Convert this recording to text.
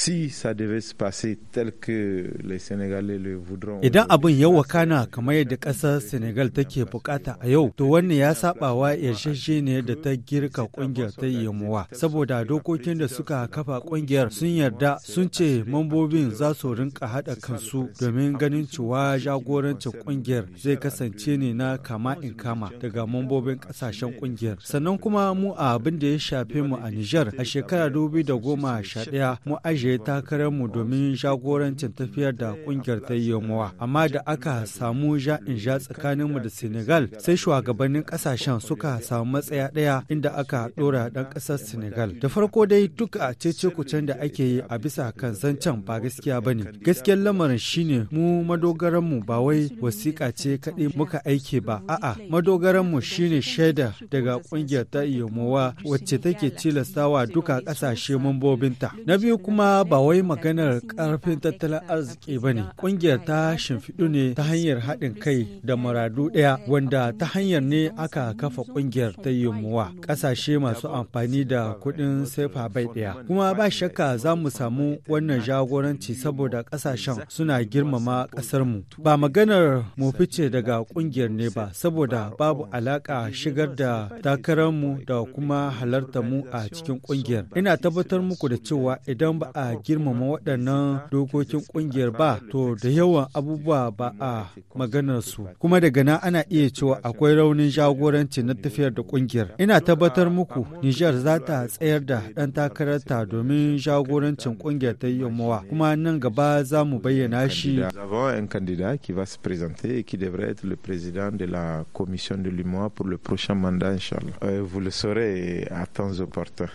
si ça devait se passer tel que les Sénégalais le voudront. Idan abin ya wakana kamar yadda ƙasar Senegal take bukata a yau, to wannan ya sabawa ne da ta girka ƙungiyar ta yamuwa saboda dokokin da suka kafa ƙungiyar sun yarda sun ce mambobin za su rinka haɗa kansu domin ganin cewa jagorancin ƙungiyar zai kasance ne na kama in kama daga mambobin ƙasashen ƙungiyar Sannan kuma mu a abin da ya shafe mu a Nijar a shekara 2011 mu aje takarar mu domin jagorancin tafiyar da kungiyar ta yi yamuwa. Amma da aka samu ja in ja tsakaninmu da Senegal sai shugabannin kasashen suka samu matsaya ɗaya inda aka ɗora ɗan ƙasar Senegal. Da farko dai duk a cece kucen da ake yi a bisa kan zancen ba gaskiya ba ne. Gaskiyar lamarin shine mu madogaranmu ba wai wasiƙa ce kaɗai muka aike ba. A'a madogaranmu shine shaida daga ƙungiyar ta iyamowa wacce take tilastawa duka ƙasashe mambobinta. Na biyu kuma ba wai maganar ƙarfin tattalin arziki ba ne. Ƙungiyar ta shimfiɗu ne ta hanyar haɗin kai da maradu ɗaya wanda ta hanyar ne aka kafa ƙungiyar ta yi yimuwa ƙasashe masu amfani da kuɗin sefa bai ɗaya. Kuma ba shakka za mu samu wannan jagoranci saboda ƙasashen suna girmama ƙasarmu. Ba maganar mu fice daga ƙungiyar ne ba saboda babu alaƙa shigar da takararmu da kuma halartar mu a cikin ƙungiyar. Ina tabbatar muku da cewa idan ba a a girmama waɗannan dokokin ƙungiyar ba to da yawan abubuwa ba a maganar su kuma daga nan ana iya cewa akwai raunin jagoranci na tafiyar da ƙungiyar ina tabbatar muku Nijar za ta tsayar da ɗan takararta domin jagorancin ƙungiyar ta yammawa kuma nan gaba za mu bayyana shi de la commission de l'UMOA pour le prochain mandat, Inch'Allah. Euh, vous le saurez à temps opportun.